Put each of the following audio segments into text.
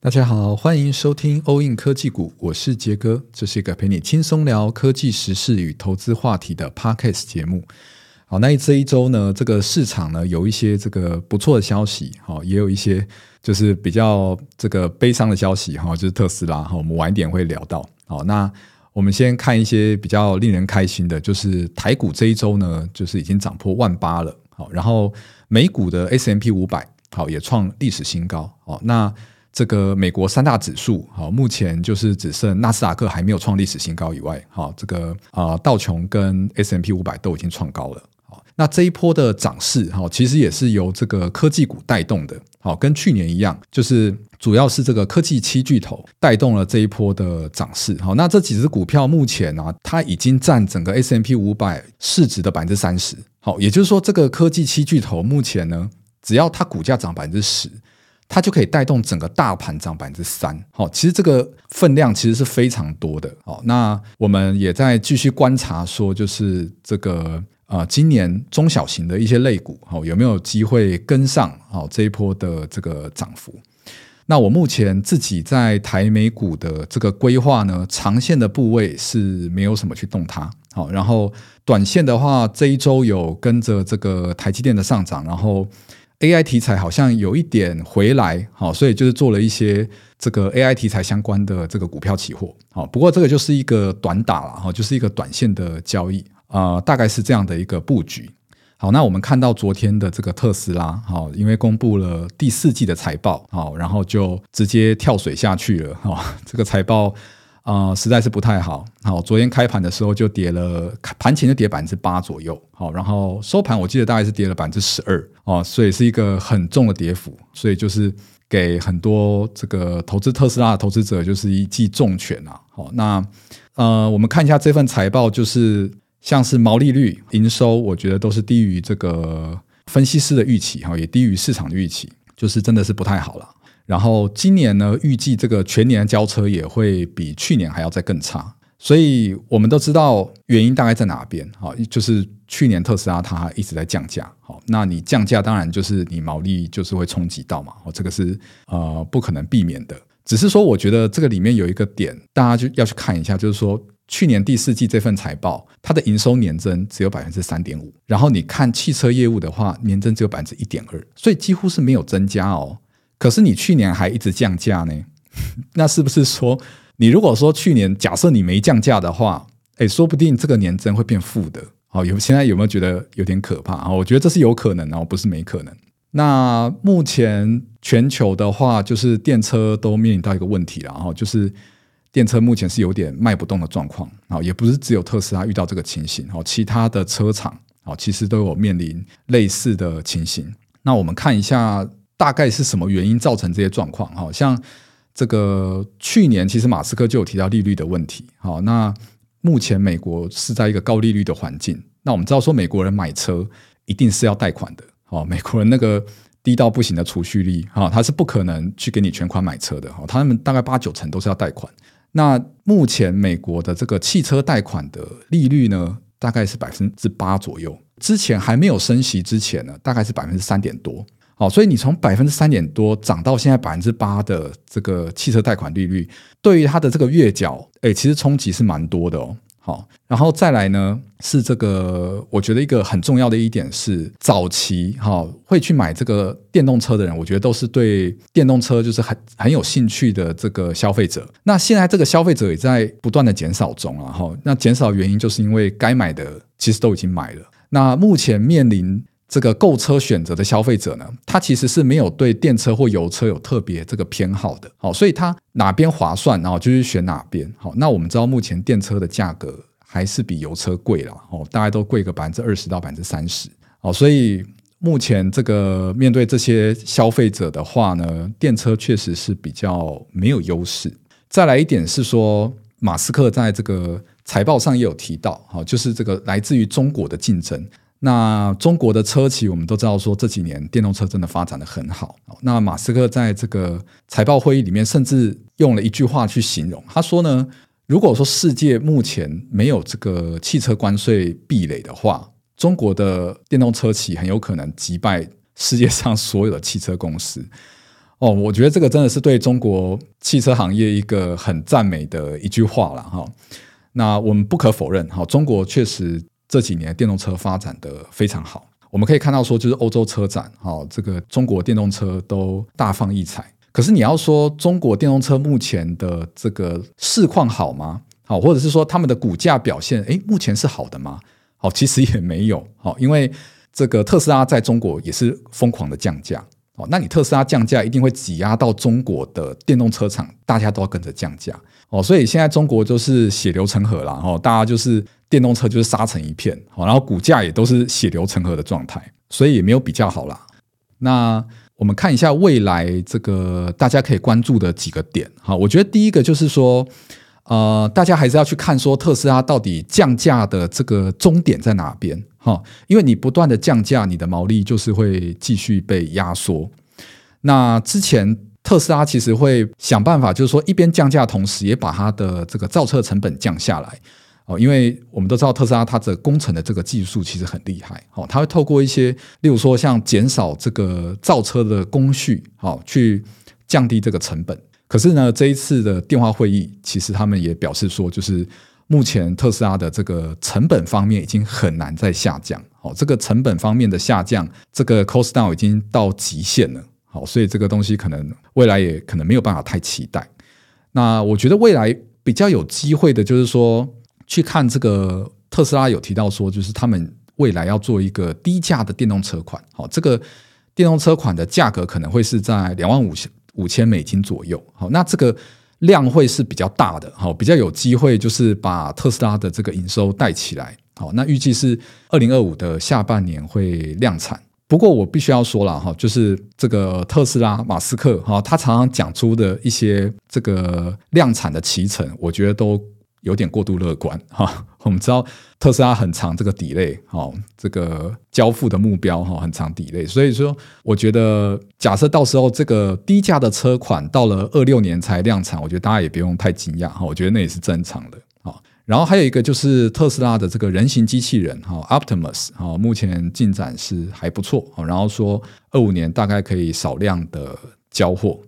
大家好，歡迎收聽歐印科技股，我是傑哥，這是一個陪你輕鬆聊科技時事與投資話題的 Podcast 節目。好，那這一週呢，這個市場呢有一些這個不錯的消息，好，也有一些就是比較這個悲傷的消息，哈，就是特斯拉，哈，我們晚一點會聊到。好，那我們先看一些比較令人開心的，就是台股這一週呢，就是已經漲破萬八了，好，然後美股的 S&P 五百，好，也創歷史新高，好，那。這個美國三大指數、哦，目前就是只剩納斯達克還沒有創歷史新高以外，好、哦，這個啊、呃、道瓊跟 S&P 五百都已經創高了、哦，那這一波的漲勢，哈、哦，其實也是由這個科技股帶動的、哦，跟去年一樣，就是主要是這個科技七巨頭帶動了這一波的漲勢，哦、那這幾只股票目前呢、啊，它已經佔整個 S&P 五百市值的百分之三十，好、哦，也就是說，這個科技七巨頭目前呢，只要它股價漲百分之十。它就可以帶動整個大盤漲百分之三，好，其實這個分量其實是非常多的，好，那我們也在繼續觀察，說就是這個啊、呃，今年中小型的一些類股，好，有沒有機會跟上，好，這一波的這個漲幅？那我目前自己在台美股的這個規劃呢，長線的部位是沒有什麼去動它，好，然後短線的話，這一周有跟着這個台積電的上漲，然後。AI 題材好像有一點回來，好，所以就是做了一些這個 AI 題材相關的這個股票期貨，好，不過這個就是一個短打了哈，就是一個短線的交易，啊、呃，大概是這樣的一個布局。好，那我們看到昨天的這個特斯拉，因為公布了第四季的財報，然後就直接跳水下去了，哈，這個財報。啊、呃，實在是不太好。好，昨天開盤的時候就跌了，開盤前就跌百分之八左右。好，然後收盤我記得大概是跌了百分之十二。哦，所以是一個很重的跌幅，所以就是給很多這個投資特斯拉的投資者就是一記重拳啊。好，那呃，我們看一下這份財報，就是像是毛利率、營收，我覺得都是低於這個分析師的預期，哈、哦，也低於市場的預期，就是真的是不太好了。然後今年呢，預計這個全年的交車也會比去年還要再更差，所以我們都知道原因大概在哪邊啊？就是去年特斯拉它一直在降價，好，那你降價當然就是你毛利就是會衝擊到嘛，哦，這個是呃不可能避免的。只是說，我覺得這個裡面有一個點，大家就要去看一下，就是說去年第四季這份財報，它的營收年增只有百分之三點五，然後你看汽車業務的話，年增只有百分之一點二，所以幾乎是沒有增加哦。可是你去年還一直降價呢， 那是不是說你如果說去年假設你沒降價的話，哎，說不定這個年真會變負的。好、哦，有現在有沒有覺得有點可怕？哦，我覺得這是有可能哦，不是沒可能。那目前全球的話，就是電車都面臨到一個問題了，然、哦、就是電車目前是有點賣不動的狀況。好、哦，也不是只有特斯拉遇到這個情形，哦，其他的車廠哦其實都有面臨類似的情形。那我們看一下。大概是什麼原因造成這些狀況？好像這個去年其實馬斯克就有提到利率的問題。好，那目前美國是在一個高利率的環境。那我們知道說美國人買車一定是要貸款的。好，美國人那個低到不行的儲蓄率，哈，他是不可能去給你全款買車的。哈，他們大概八九成都是要貸款。那目前美國的這個汽車貸款的利率呢，大概是百分之八左右。之前還沒有升息之前呢，大概是百分之三點多。哦，所以你從百分之三點多漲到現在百分之八的這個汽車貸款利率，對於它的這個月繳，哎、欸，其實衝擊是蠻多的哦。好、哦，然後再來呢是這個，我覺得一個很重要的一點是，早期哈、哦、會去買這個電動車的人，我覺得都是對電動車就是很很有興趣的這個消費者。那現在這個消費者也在不斷的減少中、啊，然、哦、哈，那減少原因就是因為該買的其實都已經買了。那目前面臨。這個購車選擇的消費者呢，他其實是沒有對電車或油車有特別這個偏好的，好，所以他哪邊划算，然後就去選哪邊。好，那我們知道目前電車的價格還是比油車貴了，哦，大概都貴個百分之二十到百分之三十，好，所以目前這個面對這些消費者的話呢，電車確實是比較沒有優勢。再來一點是說，馬斯克在這個財報上也有提到，好，就是這個來自於中國的競爭。那中國的車企，我們都知道，說這幾年電動車真的發展得很好。那馬斯克在這個財報會議裡面，甚至用了一句話去形容，他說呢，如果說世界目前沒有這個汽車關稅壁壘的話，中國的電動車企很有可能擊敗世界上所有的汽車公司。哦，我覺得這個真的是對中國汽車行業一個很讚美的一句話了哈。那我們不可否認，哈，中國確實。這幾年電動車發展得非常好，我們可以看到說，就是歐洲車展，好這個中國電動車都大放異彩。可是你要說中國電動車目前的這個市況好嗎？好，或者是說他們的股價表現，哎，目前是好的嗎？好，其實也沒有好，因為這個特斯拉在中國也是瘋狂的降價。哦，那你特斯拉降價一定會擠壓到中國的電動車廠，大家都要跟着降價。哦，所以現在中國就是血流成河啦，大家就是電動車就是殺成一片，好，然後股價也都是血流成河的狀態，所以也沒有比較好啦，那我們看一下未來這個大家可以關注的幾個點，哈，我覺得第一個就是說，呃，大家還是要去看說特斯拉到底降價的這個終點在哪邊。好，因為你不斷的降價，你的毛利就是會繼續被壓縮。那之前特斯拉其實會想辦法，就是說一邊降價，同時也把它的這個造車成本降下來。哦，因為我們都知道特斯拉它的工程的這個技術其實很厲害。哦，它會透過一些，例如說像減少這個造車的工序，好，哦，去降低這個成本。可是呢，這一次的電話會議，其實他們也表示說，就是。目前特斯拉的這個成本方面已經很難再下降，哦，好，這個成本方面的下降，這個 cost down 已經到極限了，好，哦，所以這個東西可能未來也可能沒有辦法太期待。那我覺得未來比較有機會的就是說，去看這個特斯拉有提到說，就是他們未來要做一個低價的電動車款，好，哦，這個電動車款的價格可能會是在兩萬五千五千美金左右，好，哦，那這個。量會是比較大的，好，比較有機會，就是把特斯拉的這個營收帶起來，好，那預計是二零二五的下半年會量產。不過我必須要說了，哈，就是這個特斯拉馬斯克，哈，他常常講出的一些這個量產的期程，我覺得都。有點過度樂觀哈，我們知道特斯拉很長這個 delay，哈，這個交付的目標哈，很長 delay，所以說我覺得假設到時候這個低價的車款到了二六年才量產，我覺得大家也不用太驚訝哈，我覺得那也是正常的啊。然後還有一個就是特斯拉的這個人形機器人哈，Optimus 哈，目前進展是還不錯啊，然後說二五年大概可以少量的交貨。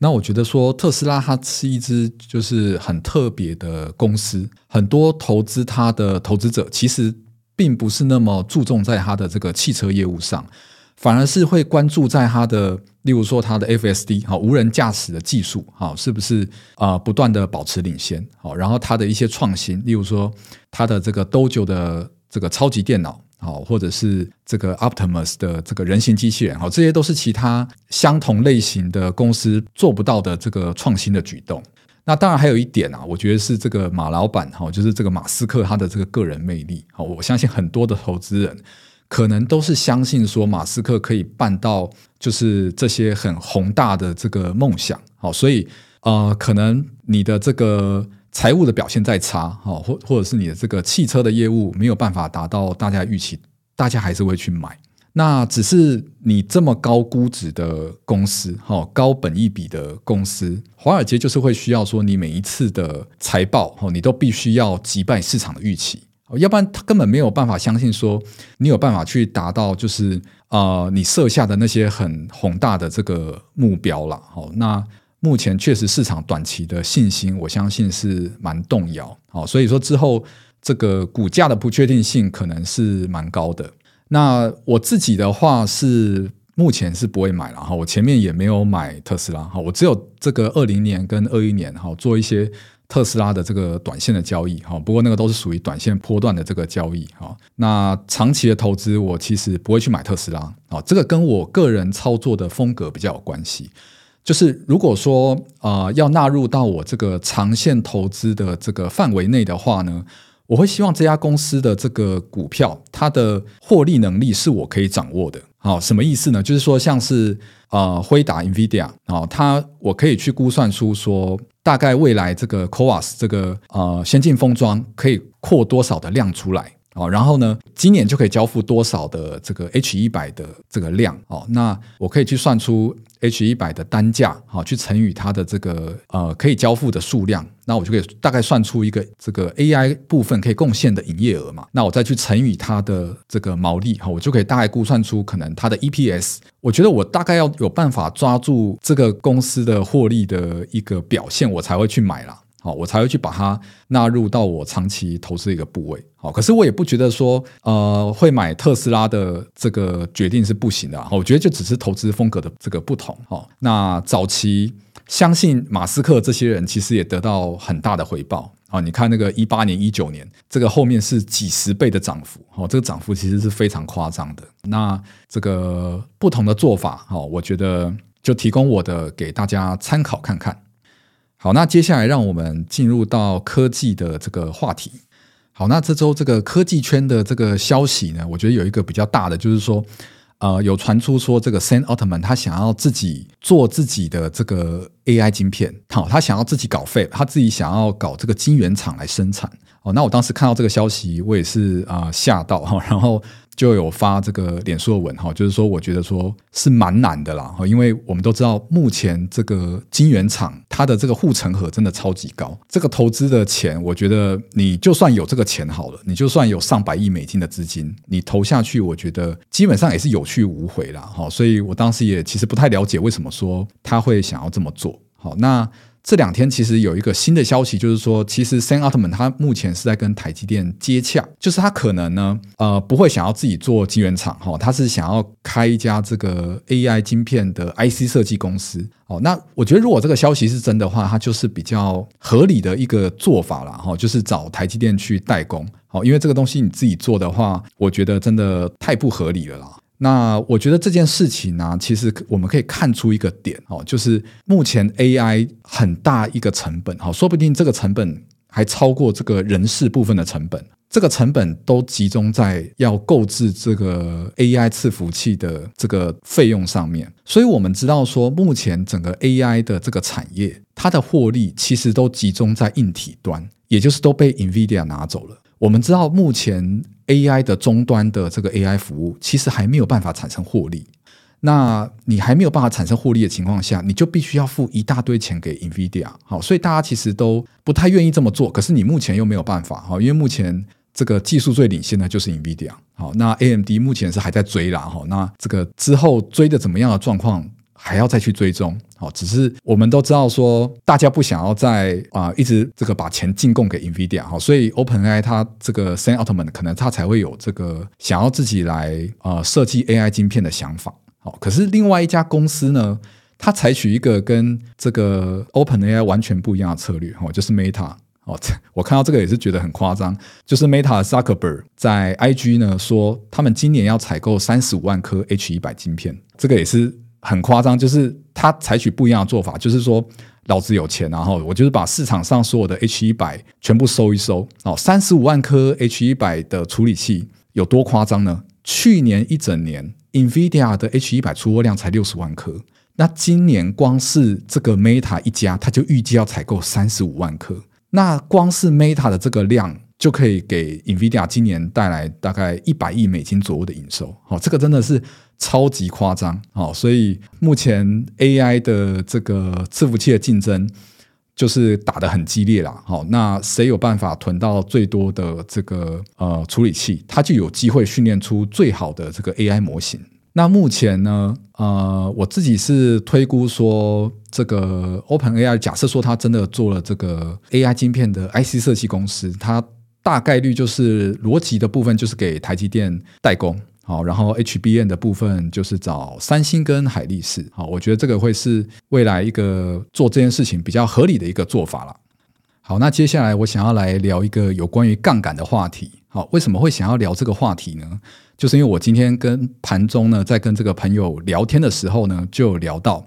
那我覺得說特斯拉它是一支就是很特別的公司，很多投資它的投資者其實並不是那麼注重在它的這個汽車業務上，反而是會關注在它的，例如說它的 FSD 哈，無人駕駛的技術哈，是不是啊不斷的保持領先好，然後它的一些創新，例如說它的這個 Dojo 的這個超級電腦。好，或者是這個 Optimus 的這個人形機器人，好，這些都是其他相同類型的公司做不到的這個創新的舉動。那當然還有一點啊，我覺得是這個馬老闆，哈，就是這個馬斯克他的這個個人魅力，好，我相信很多的投資人可能都是相信說馬斯克可以辦到，就是這些很宏大的這個夢想，好，所以呃，可能你的這個。財務的表現再差，或、或者是你的這個汽車的業務沒有辦法達到大家預期，大家還是會去買。那只是你這麼高估值的公司，高本益比的公司，華爾街就是會需要說你每一次的財報，你都必須要擊敗市場的預期，要不然他根本沒有辦法相信說你有辦法去達到就是啊、呃，你設下的那些很宏大的這個目標了。好，那。目前確實市場短期的信心，我相信是蠻動搖。好，所以說之後這個股價的不確定性可能是蠻高的。那我自己的話是目前是不會買了哈。我前面也沒有買特斯拉哈。我只有這個二零年跟二一年哈做一些特斯拉的這個短線的交易哈。不過那個都是屬於短線波段的這個交易哈。那長期的投資我其實不會去買特斯拉啊。這個跟我個人操作的風格比較有關係。就是如果說啊、呃，要納入到我這個長線投資的這個範圍內的話呢，我會希望這家公司的這個股票，它的獲利能力是我可以掌握的。好、哦，什麼意思呢？就是說，像是啊，輝、呃、達、NVIDIA 啊、哦，它我可以去估算出說，大概未來這個 CoWoS 這個呃先進封裝可以擴多少的量出來、哦、然後呢，今年就可以交付多少的這個 H 一百的這個量哦，那我可以去算出。H100 的單價，好，去乘以它的這個呃可以交付的數量，那我就可以大概算出一個這個 AI 部分可以貢獻的營業額嘛。那我再去乘以它的這個毛利，哈，我就可以大概估算出可能它的 EPS。我覺得我大概要有辦法抓住這個公司的獲利的一個表現，我才會去買啦。我才會去把它納入到我長期投資的一個部位。好，可是我也不覺得說，呃，會買特斯拉的這個決定是不行的。我覺得就只是投資風格的這個不同。哦，那早期相信馬斯克這些人其實也得到很大的回報。啊，你看那個一八年、一九年，這個後面是幾十倍的漲幅。哦，這個漲幅其實是非常誇張的。那這個不同的做法，哦，我覺得就提供我的給大家參考看看。好，那接下來讓我們進入到科技的這個話題。好，那這周這個科技圈的這個消息呢，我覺得有一個比較大的，就是說，呃，有傳出說這個 Sam Altman 他想要自己做自己的這個 AI 晶片，好，他想要自己搞 fab，他自己想要搞這個晶圓廠來生產。哦，那我當時看到這個消息，我也是啊嚇、呃、到，然後。就有發這個臉書的文哈，就是說我覺得說是蠻難的啦哈，因為我們都知道目前這個晶圓廠它的這個護城河真的超級高，這個投資的錢，我覺得你就算有這個錢好了，你就算有上百億美金的資金，你投下去，我覺得基本上也是有去無回啦，哈，所以我當時也其實不太了解為什麼說他會想要這麼做好那。這兩天其實有一個新的消息，就是說，其實 Sam Altman 他目前是在跟台積電接洽，就是他可能呢，呃，不會想要自己做晶圓廠哈，他是想要開一家這個 AI 晶片的 IC 設計公司。哦，那我覺得如果這個消息是真的話，他就是比較合理的一個做法了哈。哦，就是找台積電去代工。好。哦，因為這個東西你自己做的話，我覺得真的太不合理了啦。那我覺得這件事情呢、啊，其實我們可以看出一個點哦，就是目前 AI 很大一個成本哈，說不定這個成本還超過這個人事部分的成本，這個成本都集中在要購置這個 AI 伺服器的這個費用上面。所以我們知道說，目前整個 AI 的這個產業，它的獲利其實都集中在硬體端，也就是都被 NVIDIA 拿走了。我們知道目前。AI 的終端的這個 AI 服務，其實還沒有辦法產生獲利。那你還沒有辦法產生獲利的情況下，你就必須要付一大堆錢給 NVIDIA。好，所以大家其實都不太願意這麼做。可是你目前又沒有辦法，哈，因為目前這個技術最領先的，就是 NVIDIA。好，那 AMD 目前是還在追啦，哈，那這個之後追的怎麼樣的狀況，還要再去追蹤。好，只是我們都知道，說大家不想要再啊、呃、一直這個把錢進貢給 Nvidia 哈、哦，所以 OpenAI 它這個 Sam Altman 可能它才會有這個想要自己來啊、呃，設計 AI 晶片的想法。好、哦，可是另外一家公司呢，它採取一個跟這個 OpenAI 完全不一樣的策略哈、哦，就是 Meta 哦，我看到這個也是覺得很誇張，就是 Meta 的 Zuckerberg 在 IG 呢說他們今年要採購三十五萬顆 H 一百晶片，這個也是。很誇張，就是他採取不一樣的做法，就是說，老子有錢，然後我就是把市場上所有的 H 一百全部收一收。哦，三十五萬顆 H 一百的處理器有多誇張呢？去年一整年，NVIDIA 的 H 一百出貨量才六十萬顆，那今年光是這個 Meta 一家，他就預計要採購三十五萬顆。那光是 Meta 的這個量，就可以給 NVIDIA 今年帶來大概一百億美金左右的營收。好，這個真的是。超級誇張，好，所以目前 A I 的這個伺服器的競爭就是打得很激烈啦，好，那誰有辦法囤到最多的這個呃處理器，它就有機會訓練出最好的這個 A I 模型。那目前呢，呃，我自己是推估說，這個 Open A I 假設說它真的做了這個 A I 晶片的 I C 設計公司，它大概率就是邏輯的部分就是給台積電代工。好，然後 HBM 的部分就是找三星跟海力士。好，我覺得這個會是未來一個做這件事情比較合理的一個做法了。好，那接下來我想要來聊一個有關於槓桿的話題。好，為什麼會想要聊這個話題呢？就是因為我今天跟盤中呢，在跟這個朋友聊天的時候呢，就聊到。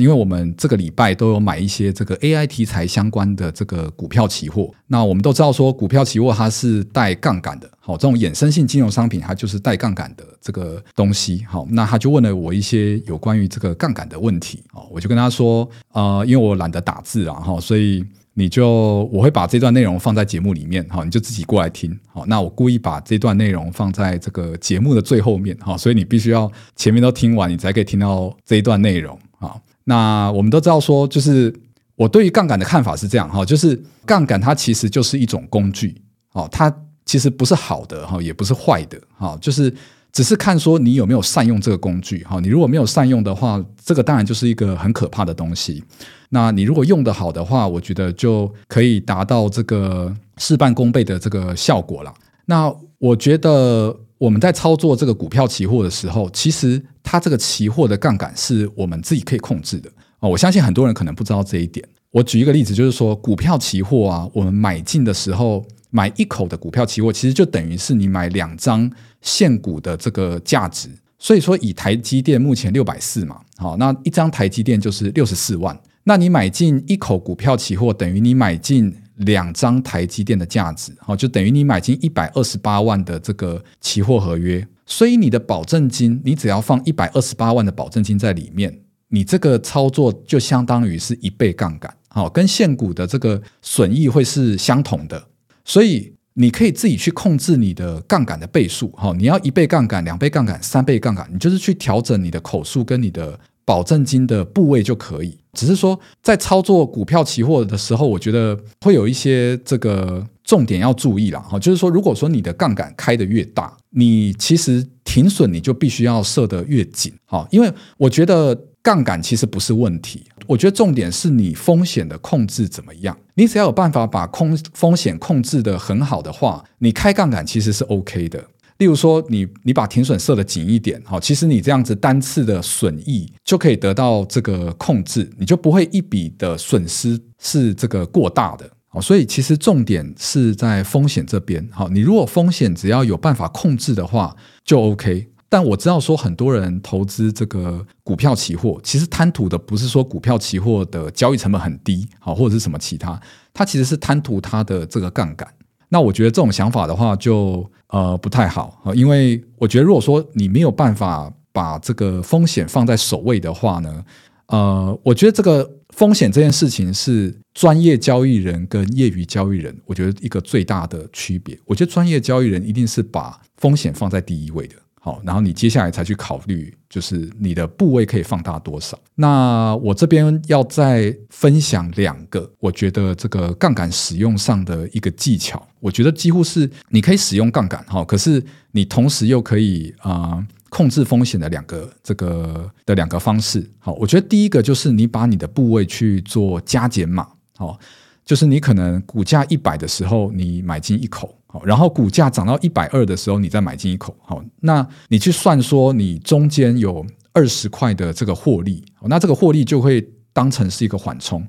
因為我們這個禮拜都有買一些這個 AI 題材相關的這個股票期貨。那我們都知道說，股票期貨它是帶槓桿的，好，這種衍生性金融商品它就是帶槓桿的這個東西。好，那他就問了我一些有關於這個槓桿的問題。哦，我就跟他說，啊、呃，因為我懶得打字啊，哈，所以你就，我會把這段內容放在節目裡面，哈，你就自己過來聽。好，那我故意把這段內容放在這個節目的最後面，好，所以你必須要前面都聽完，你才可以聽到這一段內容啊。那我們都知道說，就是我對於槓桿的看法是這樣哈，就是槓桿它其實就是一種工具哦，它其實不是好的哈，也不是壞的哈，就是只是看說你有沒有善用這個工具哈，你如果沒有善用的話，這個當然就是一個很可怕的東西。那你如果用得好的話，我覺得就可以達到這個事半功倍的這個效果了。那我覺得。我們在操作這個股票期貨的時候，其實它這個期貨的槓桿是我們自己可以控制的啊、哦！我相信很多人可能不知道這一點。我舉一個例子，就是說股票期貨啊，我們買進的時候買一口的股票期貨，其實就等於是你買兩張現股的這個價值。所以說，以台積電目前六百四嘛，好、哦，那一張台積電就是六十四萬。那你買進一口股票期貨，等於你買進。兩張台積電的價值，好，就等於你買進一百二十八萬的這個期貨合約。所以你的保證金，你只要放一百二十八萬的保證金在裡面，你這個操作就相當於是一倍槓桿，好，跟現股的這個損益會是相同的。所以你可以自己去控制你的槓桿的倍數，好，你要一倍槓桿、兩倍槓桿、三倍槓桿，你就是去調整你的口數跟你的。保證金的部位就可以，只是說在操作股票期貨的時候，我覺得會有一些這個重點要注意了哈。就是說，如果說你的槓桿開得越大，你其實停損你就必須要設得越緊哈，因為我覺得槓桿其實不是問題，我覺得重點是你風險的控制怎麼樣。你只要有辦法把控風險控制得很好的話，你開槓桿其實是 OK 的。例如說你，你你把停損設的緊一點，好，其實你這樣子單次的損益就可以得到這個控制，你就不會一筆的損失是這個過大的，哦，所以其實重點是在風險這邊，好，你如果風險只要有辦法控制的話，就 OK。但我知道說很多人投資這個股票期貨，其實貪圖的不是說股票期貨的交易成本很低，好，或者是什麼其他，它其實是貪圖它的這個槓桿。那我覺得這種想法的話就，就呃不太好，因為我覺得如果說你沒有辦法把這個風險放在首位的話呢，呃，我覺得這個風險這件事情是專業交易人跟業餘交易人，我覺得一個最大的區別。我覺得專業交易人一定是把風險放在第一位的。好，然後你接下來才去考慮，就是你的部位可以放大多少。那我這邊要再分享兩個，我覺得這個槓桿使用上的一個技巧，我覺得幾乎是你可以使用槓桿，好，可是你同時又可以啊、呃、控制風險的兩個這個的兩個方式。好，我覺得第一個就是你把你的部位去做加減碼，好，就是你可能股價一百的時候，你買進一口。然後股價漲到一百二的時候，你再買進一口。好，那你去算說你中間有二十塊的這個獲利，那這個獲利就會當成是一個緩衝。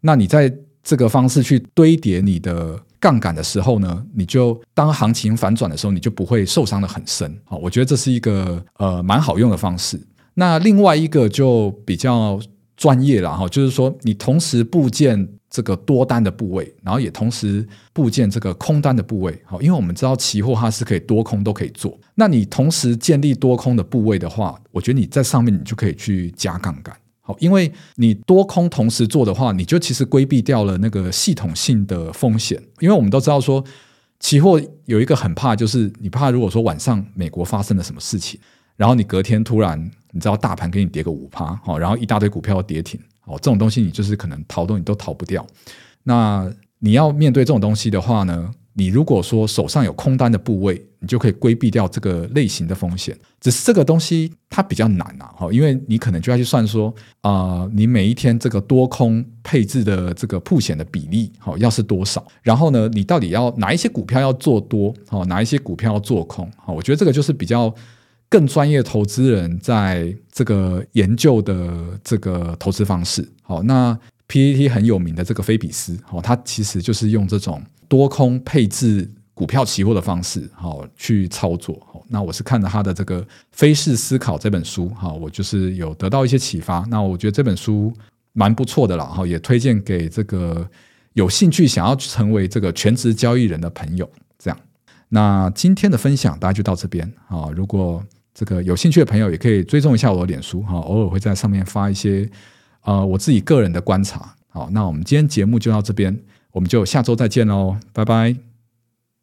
那你在這個方式去堆疊你的槓桿的時候呢，你就當行情反轉的時候，你就不會受傷得很深。好，我覺得這是一個呃蠻好用的方式。那另外一個就比較專業了哈，就是說你同時布建。這個多單的部位，然後也同時佈建這個空單的部位，好，因為我們知道期貨它是可以多空都可以做，那你同時建立多空的部位的話，我覺得你在上面你就可以去加槓桿，好，因為你多空同時做的話，你就其實規避掉了那個系統性的風險，因為我們都知道說，期貨有一個很怕就是你怕如果說晚上美國發生了什麼事情，然後你隔天突然你知道大盤給你跌個五趴，好，然後一大堆股票跌停。哦，這種東西你就是可能逃都你都逃不掉。那你要面對這種東西的話呢，你如果說手上有空單的部位，你就可以規避掉這個類型的風險。只是這個東西它比較難啊，哈，因為你可能就要去算說，啊，你每一天這個多空配置的這個曝險的比例，好，要是多少？然後呢，你到底要哪一些股票要做多？哦，哪一些股票要做空？哦，我覺得這個就是比較。更專業投資人在這個研究的這個投資方式，好，那 p e t 很有名的這個菲比斯，好，他其實就是用這種多空配置股票期貨的方式，好去操作。好，那我是看了他的這個《菲式思考》這本書，好，我就是有得到一些啟發。那我覺得這本書蠻不錯的啦，哈，也推薦給這個有興趣想要成為這個全職交易人的朋友。這樣，那今天的分享大家就到這邊啊，如果這個有興趣的朋友也可以追蹤一下我的臉書哈，偶爾會在上面發一些，呃，我自己個人的觀察。好，那我們今天節目就到這邊，我們就下周再見嘍，拜拜。